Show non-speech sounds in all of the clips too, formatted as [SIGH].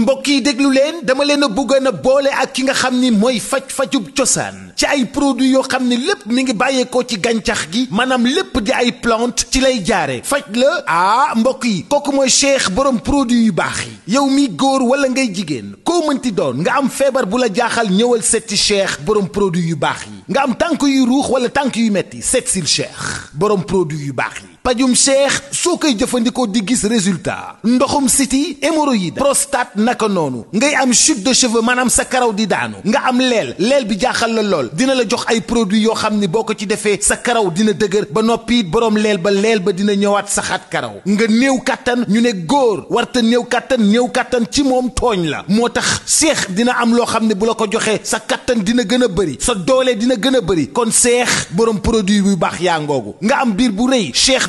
mbokk yi déglu leen dama leen a bëggoon a boole ak ki nga xam ni mooy faj-fajub cosaan ci ay produits yoo xam ne lépp mi ngi bàyyeekoo ci gàncax gi maanaam lépp di ay plante ci lay jaare faj la ah mbokk yi kooku mooy cheikh borom produit yu baax yi yow mi góor wala ngay jigéen koo mënti doon nga am feebar bu la jaaxal ñëwal setti cheikh borom produit yu baax yi nga am tànk yu ruux wala tànk yu metti seet sil cheikh borom produits yu baax yi pajum cheikh soo koy jëfandikoo di gis résultat ndoxum city hémorroïde prostate naka noonu ngay am chute de cheveux manam sa karaw di daanu nga am leel leel bi jaaxal la lool dina la jox ay produits yoo xam ni boo ko ci defee sa karaw dina dëgër ba noppi borom leel ba leel ba dina ñëwaat saxaat karaw nga néew kàttan ñu ne góor warta néew kàttan néew kàttan ci moom tooñ la moo tax seex dina am loo xam ne bu la ko joxee sa kàttan dina gën a bëri sa doole dina gën a bëri kon cheikh borom produit bu baax yaa ngoogu nga am biir bu rëy cheikh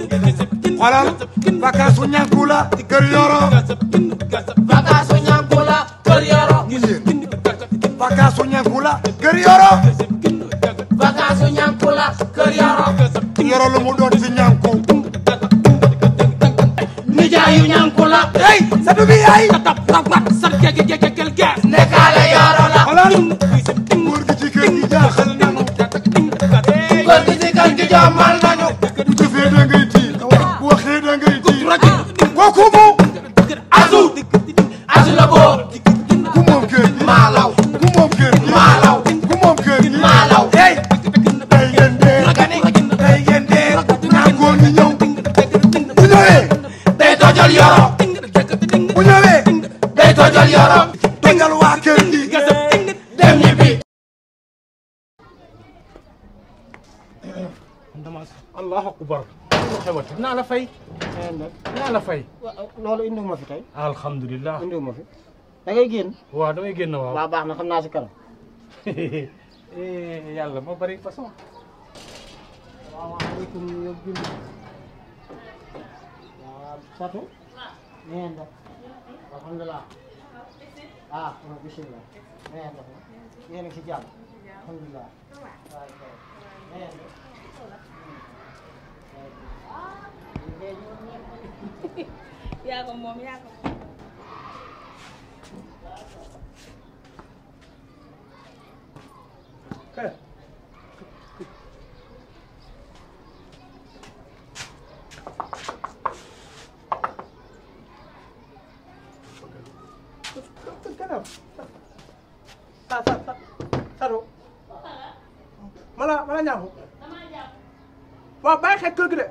xoolal vacances su ñànku la kër yoro vacances su ñànku la kër yoro vacances su ñànku mu doon si ñànku nijaayu ñànku la ey sa dubi yaay tap tap sat gege gege gel gel nekkaale yoro la xoolal woote dinaa la fay. dinaa la fay. loolu indiwu ma fi tey. alhamdulilah indiwu ma fi. da ngay génn. waaw damay génn waaw. waaw baax na xam naa si kanam. [LAUGHS] Eh, yàlla moo bari façon. waaw waaleykum yow Jumbe. waaw Fatou. na ngeen def. alhamdulilah. ah bisimilah. na ngeen def. yéen a ngi si jàmm. alhamdulilah. waaw na ngeen def. Ya dạ, con mồm, ya con mồm. Okay. mala mala ñaaxu waaw bàyyi xel kër gi de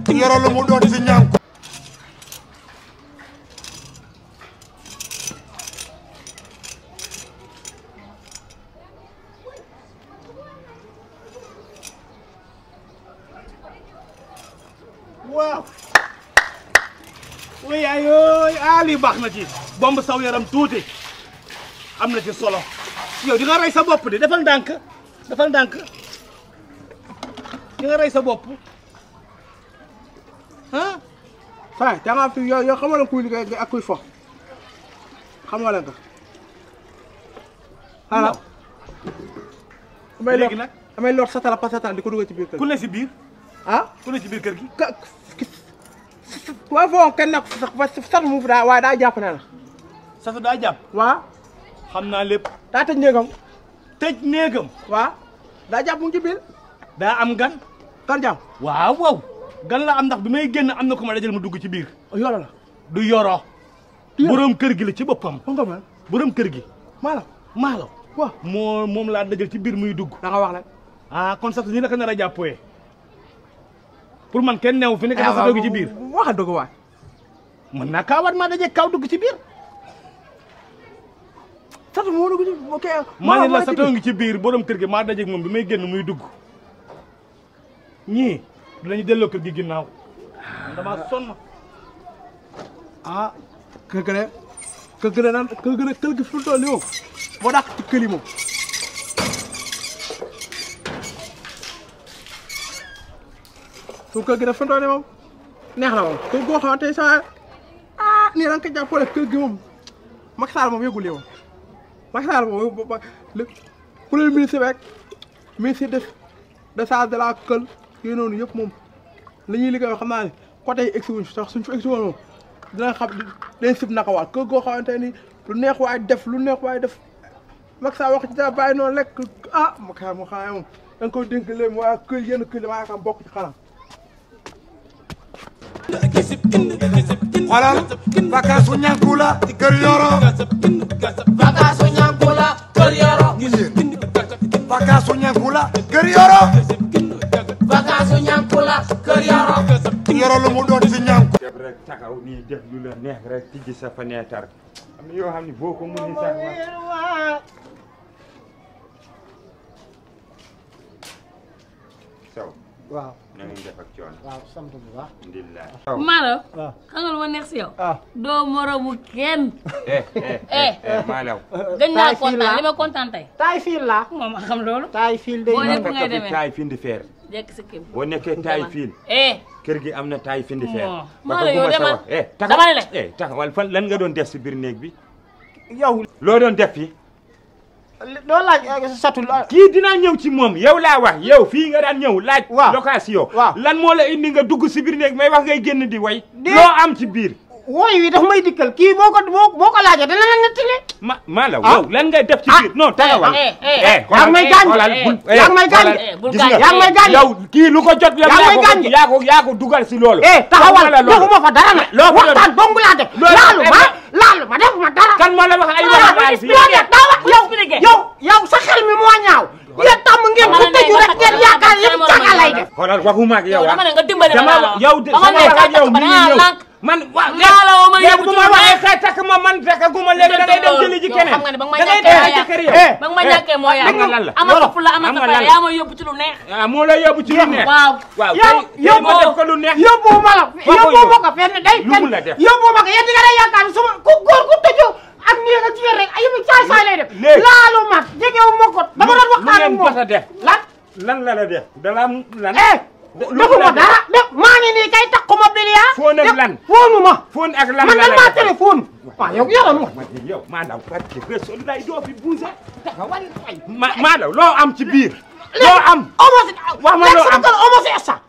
yoro lu mu doon si ñaan ko waaw way ayoy ali baax na ci bomb saw yaram tuuti am ci solo yow di nga rey sa bopp di defal ndànk defal ndànk di nga rey sa bopp saay da ngaa fi yow yow xamoo leen kuy liggéey ak kuy fo xamoo leen ko xanaa damay léegi nag damay lor satala pas satala di ko dugal ci biir kër ku ne si biir ah ku ne si biir kër gi ka waaw foo kenn nag sat mu daa waaye daa jàpp ne la satu daa jàpp waaw xam naa lépp daa ci biir daa am gan kan jàmm waaw waaw gan la am bi may génn am na ko ma dajal mu dugg ci biir. Oh, yoro la du yoro. borom kër gi la ci boppam. boroom kër gi. maalo maalo. waaw moo moom laa dajal ci biir muy dugg. da wax la ah, kon sax ni la ko nar a jàppee pour man kenn newu fi nekk dafa dugg ci biir. Ah, waxa dugg waay. mën naa kaa war maa ci biir. satu moo dugg ci ok. maa ngi la satoo ngi ci biir borom kër gi ma daje moom bi may génn muy dugg ñii. dinañu délo kër gi ginnaw dama son ah kër gi nan kër gi gi de kër gi fi mu ci kër yi moom. su kër gi de fi mu neex na mom ko go xamante sa ah ni da nga ko jàppale kër gi moom Macky Sall moom yëgul yow Macky Sall moom le premier ministre beeg ministre de de sa de la keul yooyu noonu yëpp moom la ñuy liggéeyoo xam naa ne yi egsi wuñ fi sax suñ fi egsi woon moom dina xam dañ sib nakawaat kër goo xamante ni lu neex waay def lu neex waay def mag sa wax ci dara bàyyi noonu lekk ah ma xam ma xam moom da nga koy dénk léegi waa kër yenn kër damaa yaakaar bokk ci xanaa. xoolal vacance su ñàkku la kër la dara lu mu doon si ñaan ko. def nii def lu la neex rek tijji sa fenêtre am na yoo xam ne boo ko mënee sax saw waaw. na ngeen def sant bu nga lu ma neex si yow. ah doo moromu kenn. eh eh eh, [LAUGHS] eh. eh Malaw. gën naa kontaan li ma kontaan taay fiil laa. taay fiil de. boo nekk ngay taay fiil di feer. jekk si taay fiil. eh kër gi am na taay fiil di feer. Malaw yow demal eh, eh taxawal lan nga doon def si biir néeg bi. yow loo doon def doo laaj eh, satul. Ah. kii dina ñëw ci moom yow laa wax yow fii nga daan ñëw laaj. waaw location. waaw lan moo la indi nga dugg si biir néeg may wax ngay génn di way. loo am ci biir. wooy wi daf may dikkal kii boo ko boo ko laajee dana la nettali. la ah. wow lan ngay def ci ah. biir. non taxawal eh eh, eh, eh, eh yaa ngi may gaañ yaa ngi may gaañ gis nga yaa ngi may gaañ yow kii lu ko jot. yaa si loolu. eh loo waxtaan dong laa def. laalu ma laalu ma dara. kan moo la wax ay wax ay si yow yow yow sa xel mi moo ñaaw. yéen tàmm ngeen ko tëju rek ngeen yaakaar yëpp càkka lay def. xoolal waxuma ak yow ah. dama ne nga man wa mala ma yow bu ma waxee sa takk ma man takkaguma léegi da ngay dem jëli ji keneen xam nga ne ba ma yow ba ma ñàkkee moo yaa nga lan la amata fu la amata fa yaa ma yóbbu ci lu neex ah moo la ci lu neex waaw waaw yow def ko lu neex yóbbu ma la yóbbu ma ko fenn day yóbbu ma ko yéen nga day yaakaar suma ku ku ak nga rek lay def laalu ma ko doon lan lan la la def lan defuma dara def maa ngi nii kay takkuma biliyaa. fóon ak lan la man lan maa téléphone. waaw yow yaram ma. ma maa loo am ci biir. loo am léegi wax ma loo am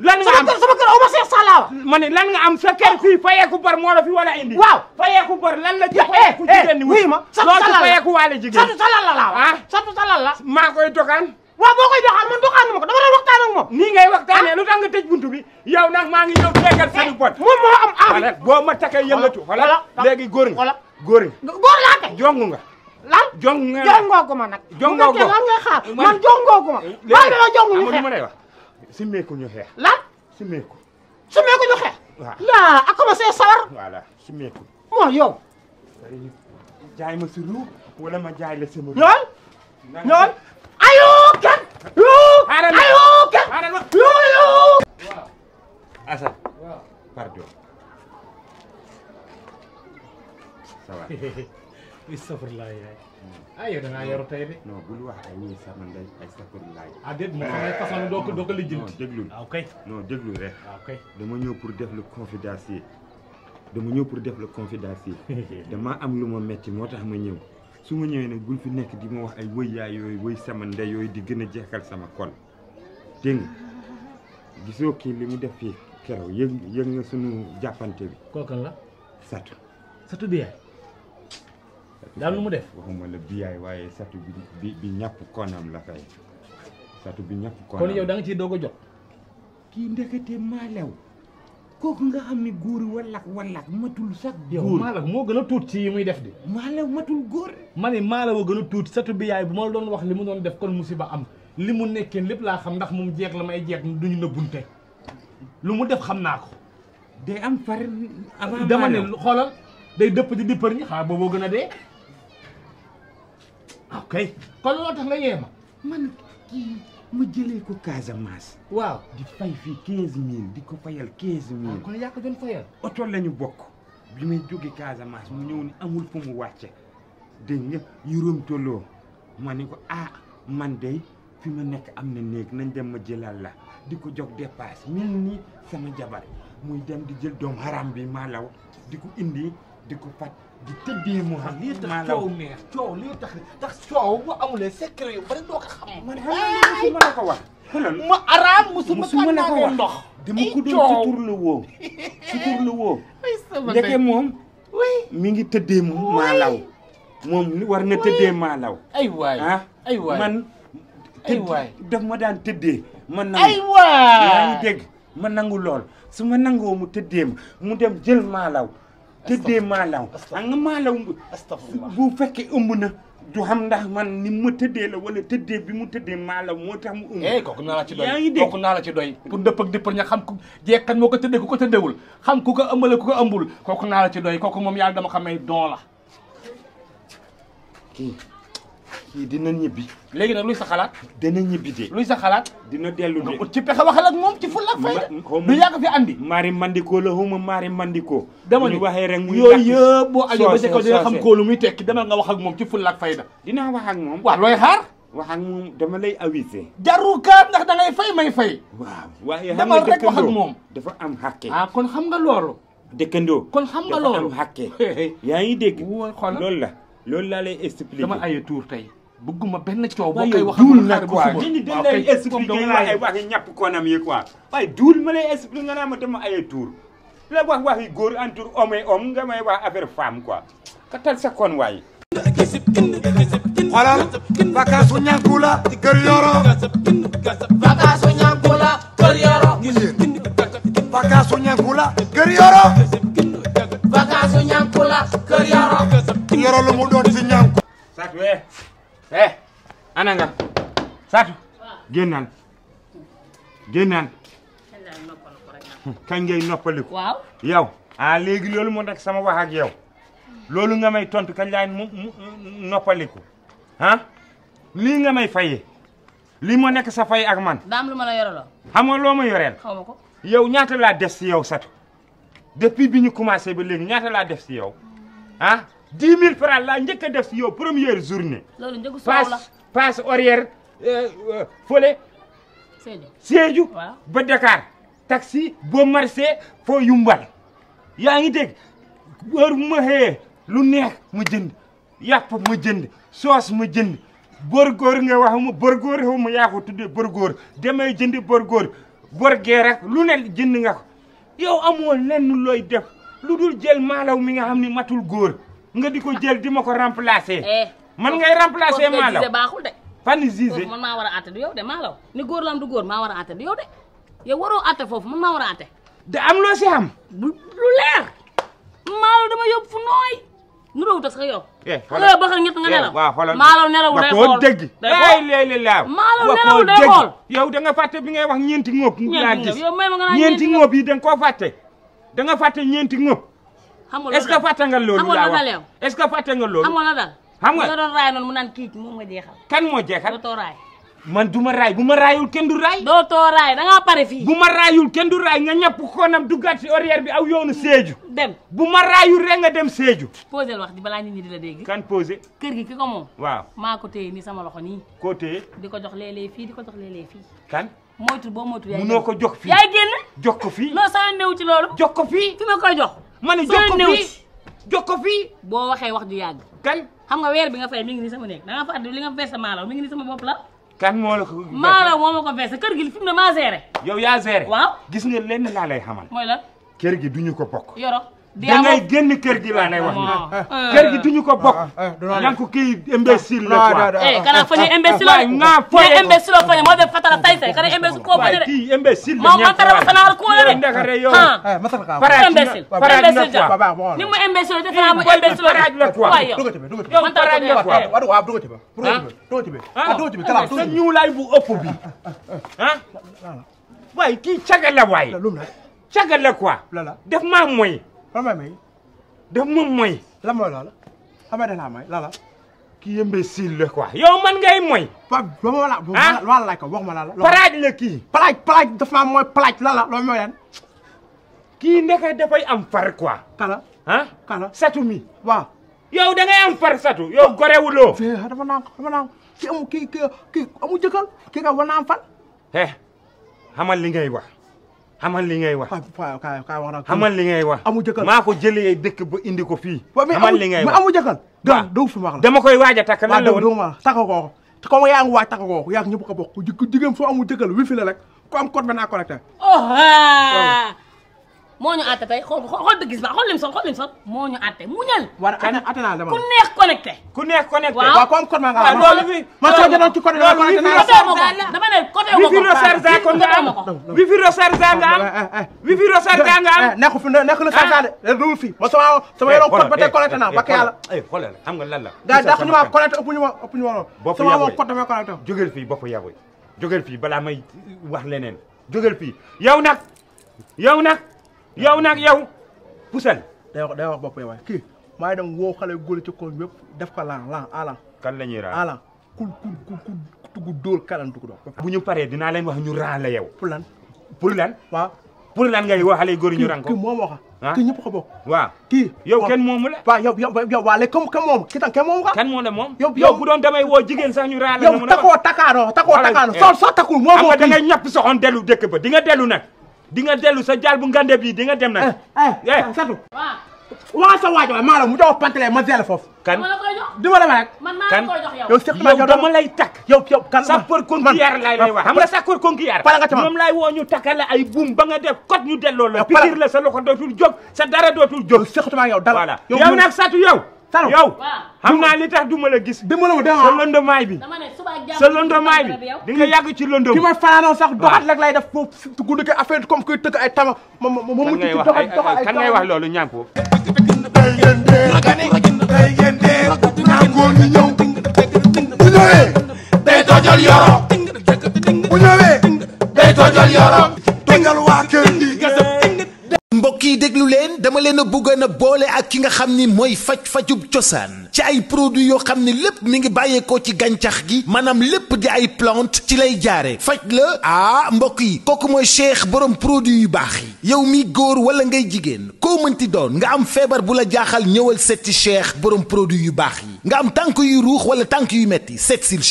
lan nga am sama kër omo seesa laa wax. ma ne lan nga am sa kër fii fayeeku bor moo fi wala indi. waaw fayeeku bor lan la ci fayeeku eh, eh, jigéen ñi. wuy ma satu salal la loo ci fayeeku waale jigéen. satu salal la laa wax satu ah? salal la. maa koy dogaan. waaw boo koy doxal man doxaanu ma ko dama doon waxtaan ak moom. nii ngay waxtaanee ah. lu tax nga buntu bi yow nag maa ngi ñëw tegal eh, seen bon. moom moo am aar boo ma takkee yëngatu. voilà léegi góor nga góor nga. góor laa kay jongu nga. ma nag. jongoo gu ma lan xaar man jongoo gu ma. Eh, léegi la jongu ñu xeex amul ma lay wax laa a commencé sawar. voilà simmeeku. moo yow. jaay ma si ruub wala ma jaay la sama. ñool ñool ayo Assane. waaw pardon. ça va. bisimilah. ah yow da ngaa yoru tey de. non bul wax ay ñii sama ndey ay safurlaay. ah déet mu samay façon doo ko doo ko lijjanti. non déglu waaw kay. non déglu rek. waaw kay dama ñëw pour def le confidentiel. dama ñëw pour def le confidentiel. dama am lu ma metti moo tax ma ñëw. su ma ñëwee nag bul fi nekk di ma wax ay wëy yaay yooyu wëy sama ndey yooyu di gën a jeexal sama xol dégg nga gisoo kii li mu def fii keroog yëg yëg nga sunu jàppante bi. kookan la. satu. satu bi yaay. daal nu mu def waxuma la bi yaay waaye satu bi bi bi la kay satu bi ñàpp konam. kon yow da nga ciy doog a jot. kii ndekete maa lew kooku nga xam ni góor wallak wallak matul sax. góor yow maala moo gën a tuuti ci yi muy def di. maala matul góor. ma ne maala moo gën a tuuti satu bi yaay bu ma doon wax li mu doon def kon musiba am li mu nekkee lépp laa xam ndax mu jeex la may du jeeg duñu nëbbunte lu mu def xam naa ko. day am far avant dama ne xoolal day dëpp di dippar ñi xaa booboo gën a dee. ok kon loo tax nga yee ma ma jëlee ko Casamance. waaw di fay fii quinze mille di ko fayal quinze mille. Ah, kon yaa oto la ñu bokk bi may jóge Casamance mu ñëw ni amul fu mu wàcce dégg nga yuróom tolloo ma ne ko ah man de fi ma nekk am na néeg nañ dem ma jëlal la di ko jog dépasse mil ni sama jabar muy dem di jël doom haram bi maa law di ko indi. di ko pat di tëddee mu xam lii tax coow meer coow lii yu bari doo ko xam man xelal ma la ko wax xelal ma araam musuma mën a ko wax ndox dama ko doon suturlu woo [LAUGHS] ngi tëddee mu maalaw moom war na tëddee maalaw ay waay ah? ay waay ma daan tëddee man nangu ay ma nangu lool su nangoo mu tëddee mu dem jël malaw tëddee maalaw a nga maalaw bu fekkee ëmb na du xam ndax man ni ma tëddee la wala tëddee bi mu tëddee maalaw moo tax mu ëmb eh, kooku naa ci doy yaa ngi dégg kooku naa la ci doy pour ndëpp ak dippal ña xam ku jeexkan moo ko tëddee ku ko tëddeewul xam ku ko ëmbale ku ko ëmbul kooku naa la ci doy kooku moom yàlla dama xamee don la kii kii dina ñibbi. léegi nag luy sa xalaat. dina ñibbi de. luy sa xalaat. dina dellu de nga ut ci pexe waxal ak moom ci fulla fayda. du yàgg fi andi. maari mandikoo la xuma maari mandikoo. dama ni waxee rek muy yooyu yëpp boo àggee ba ca kaw dina xam ko lu muy tekki dama nga wax ak moom ci fulla ak fayda. dinaa wax ak moom. waaw looy xaar. moom dama lay avisé. jarul kaat ndax da ngay fay may fay. waaw waaye xam nga dama rek wax ak moom. dafa am xàkke. ah kon xam nga loolu. dëkkandoo kon xam nga loolu dafa am xàkke. yaa ngi dégg. loolu la loolu laa lay expliqué. dama ay tuur tey. bëgguma benn coow boo koy wax duul nag quoi ni dañ lay expliquer la ay waxi ñàpp konam yi quoi way dul ma lay expliquer nga na ma dama ay tour la wax waxi en tour homme et homme nga may wax affaire femme quoi ka tal sa kon way wala vacances bu ñànku la yoro vacances bu ñànku la yoro vacances bu ñànku la yoro vacances bu ñànku la yoro yoro lu mu doon si ñànku sax we eh. eh ana nga Satou génnal génnal kañ ngay noppaliku waaw yow ah léegi loolu moo nekk sama wax ak yow loolu nga may tontu kañ laay mu noppaliku ah lii nga may fayee lii moo nekk sa fay ak man. daa am lu ma la yoreloo. loo ma yoreel. xaw ma ko yow ñaata laa def si yow satu depuis bi ñu commencé ba léegi ñaata laa def si yow ah. dix mille francs laa njëkk def si yow première journée. loolu njëgu soow la passe passe horaire euh, euh, fële. Sédhiou Sédhiou ba Dakar. taxi boo marché foo yumbal yaa ngi dégg heure bu lu neex ma jënd yàpp ma jënd soos ma jënd borgóor nga wax ma borgóor xaw ma yaa ko tuddee borgóor demay jënd borgóor borgee rek lu ne jënd nga ko yow amoo lenn looy def lu dul jël maalaw mi nga xam ne matul góor nga di ko jël di ma ko remplacer. Eh. man ngay remplacer Malaw baaxul de. fan Gisé man maa war a àtte du yow de Malaw ni góor la am du goor maa war a àtte du yow de yow waroo foofu man maa war a àtte. da am loo si am. lu leer Malaw dama yóbbu fu nooy. nu doon yow. eh xoolal ba xam ñett nga eh, nelaw. waaw xoolal maalaw nelaw day xool dégg. day xool maalaw nelaw day xool. yow da nga fàtte bi nga wax ñeenti ngóob. ñeenti ngóob yow may ma nga naan ñeenti ngóob yi da nga koo fàtte. da nga fàtte ñeenti ngóob. xam nga loolu est-ce que fàtte nga loolu. laa wax est-ce que fàtte na dal xam nga nga doon raay noonu moom nga kan moo jeexal dootoo raay. man du ma raay bu ma raayul kenn du raay. dootoo raay da ngaa pare fii. bu ma raayul kendu du raay nga ñàpp koonam duggaat si arrière bi aw yoonu Sédhiou. dem bu ma raayul rek nga dem Sédhiou. posé wax di balaa nit ñi di la dégg. kan posé. kër gi ki ko moom. waaw maa ko téye sama loxo nii. koo di ko jox léeg fii di ko jox léeg-léeg fii. kan. moytu boo moytu yaay génn munoo ko jox fii. yaay génn jox ko fii. loo saa newu ci loolu. jox ko fii fi jox. ma ne jokko fii jokko fii boo waxee wax ju yàgg kan xam nga weer bi nga fay mi ni sama nekk da nga fàttali li nga verse maalaw mi ngi ni sama bopp la kan moo ko maalaw moo ma ko verse kër gi fi mu ne maa géré yow yaa géré waaw gis nga lenn laa lay xamal mooy lan kër gi duñu ko bokk yoro da ngay génn kër gi laa lay wax nii. Eh. kër gi duñu ko bokk. Eh, eh, lan ko kii imbécile la ah, quoi. eh kana ah, ah, foni imbécile la. nga foni mais imbécile la foni moo def fatala tay tay kana imbécile koo foni de. kii imbécile la ñaata waay moo matara ma sanaa ko de. ndekare yow paraj imbécile paraj la quoi. ni mu imbécile defe naa mu imbécile la. paraj la quoi yow paraj la quoi. waaw dogo tebe dogo tebe dogo tebe kala sa ñuulaay bu ëpp bi. ah waay kii cagal la waay. cagal la quoi. def maa mooy. lan mooy may def moom mooy lan mooy loola amee da laa mooy lala kii yëmbee siil la quoi yow man ngay mooy ba ma la wala laaj ko wax ma lala ah. palaaj la kii palaaj palaaj daf maa mooy palaaj lala loolu mooy yan kii ndeke dafay am far quoi kala ah kala satu mi waaw yow da ngay am far satu yow gorewuloo dama naan dama naan kii amu kii kii kii amu jëkkal kii nga war na am far eh xamal li ngay wax xamal li ngay wax xamal li ngay wax amu jëkkal maa ko jëlee dëkk ba indi ko fii xamal li ngay wax amu jëkkal waaw doo fi wax la dama koy waaj a takk lan la woon takka kooku comme yaa ngi waaj takka kooku yaa ngi ñëpp ko bokk jigéen foo amu jëkkal wi fi la rek ku am code ba naa connecté oh, ah. moo ñu àtte tey xool xool bëggis ba xool lim sol xool lim sol moo ñu àtte muñal. war a àtte naa dama ku neex connecté. ku neex connecté waaw kon kon maa nga wax loolu fi ma soo jëloon ci côté la ma dama ne côté ma ko wifi recharge ko nga am wifi recharge nga am wifi recharge nga am nekku fi nekku la sarga de dul fi ma sama sama yoroon code ba tey connecté naa bakk yàlla ay xoolal xam nga lan la da da ñu ma connecté ëpp ñu ma ëpp ñu woon sama woon code dama connecté jógeel fii bopp yaboy jógeel fii balaa may wax leneen jógeel fii yow nag yow nag yow nag yow pusal day wax day wax ba waay kii maa ngi dem woo xale góor ci koñ yëpp def ka lan lan alan kan la ñuy raal alan kul kul kul kul tugu dóor kalan dugg doon bu ñu paree dinaa leen wax ñu raal la yow pour lan pour lan waaw pour lan ngay woo xale góor ñu rang ko kii moom waxa ah? kii ñëpp ko bokk waaw kii yow kenn moomu ki tam kenn moomu ka kan bu doon damay woo jigéen sax ñu raal la yow takoo takaanoo takoo takaanoo eh. soo soo takul moom moo da ngay ñàpp soxoon dellu ba di nga dellu nag di nga dellu sa jaal bu ngande bi di nga dem nag. eh Satou. Eh, eh. eh, waaw. sa waaj waaye maa la mu jox pantale ma zeel foofu. kan dama la koy ma rek. man maa la koy jox yow. yow sequma yow dama lay takk. yow yow kan sapeur conquière laay lay wa xam nga sapeur conquière. pala nga ci moom laay woo ñu takkal la ay buum ba nga def kot ñu delloo la. pala pikir la sa loxo dootul jóg sa dara dootul jóg. yow sequma yow dara yow nag Satou yow. Saloum yow. xam naa li tax du ma la gis. bi ma la woo sa lëndamaay bi. sa lëndamaay bi di nga yàgg ci lëndëm. ki may fanaanoo sax doxat rek lay def foofu guddi ko affaire comme kuy tëgg ay tama ma ma ma mucc ci doxat doxat ay tama kan ngay wax loolu ñaan ko. day yendee day yendee ñaan ko ñu ñëw. bu ñëwee day tojol yi déglu leen dama leen a bëggoon a boole ak ki nga xam ni mooy faj-fajub cosaan ci ay produits yoo xam ne lépp mi ngi bàyyeekoo ci gàncax gi maanaam lépp di ay plante ci lay jaare faj la ah mbokk yi kooku mooy cheikh borom produit yu baax yi yow mi góor wala ngay jigéen koo mënti doon nga am feebar bu la jaaxal ñëwal setti cheikh borom produits yu baax yi nga am tànk yu ruux wala tànk yu metti seet sil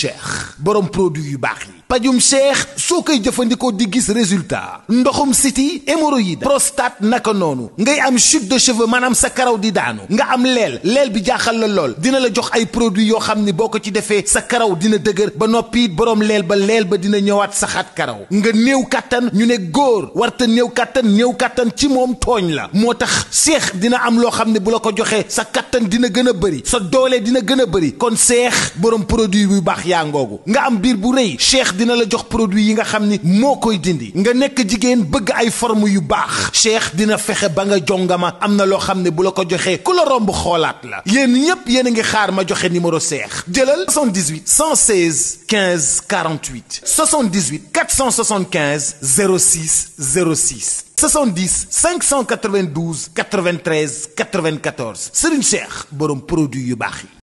borom produits yu baax yi pajum cheikh soo koy jëfandikoo di gis résultat ndoxum city hémorroïde prostate naka noonu ngay am chute de cheveux maanaam sa karaw di daanu nga am leel leel bi jaaxal la lool dina la jox ay produits yoo xam ni boo ko ci defee sa karaw dina dëgër ba noppi borom leel ba leel ba dina ñëwaat saxaat karaw nga néew kàttan ñu ne góor warta néew kàttan néew kàttan ci moom tooñ la moo tax seex dina am loo xam ne bu la ko joxee sa kàttan dina gën a bëri sa doole dina gën a bëri kon cheikh borom produit bu baax yaa ngoogu nga am biir bu rëy cheikh dina la jox produit yi nga xam ni moo koy dindi nga nekk jigéen bëgg ay forme yu baax Cheikh dina fexe ba nga jongama am na loo xam ne bu la ko joxee ku la romb xoolaat la yéen ñépp yéen a ngi xaar ma joxe numéro Cheikh jëlal 78 116 15 48 78 475 06 06 70 592 93 94 Serigne Cheikh borom produit yu baax yi.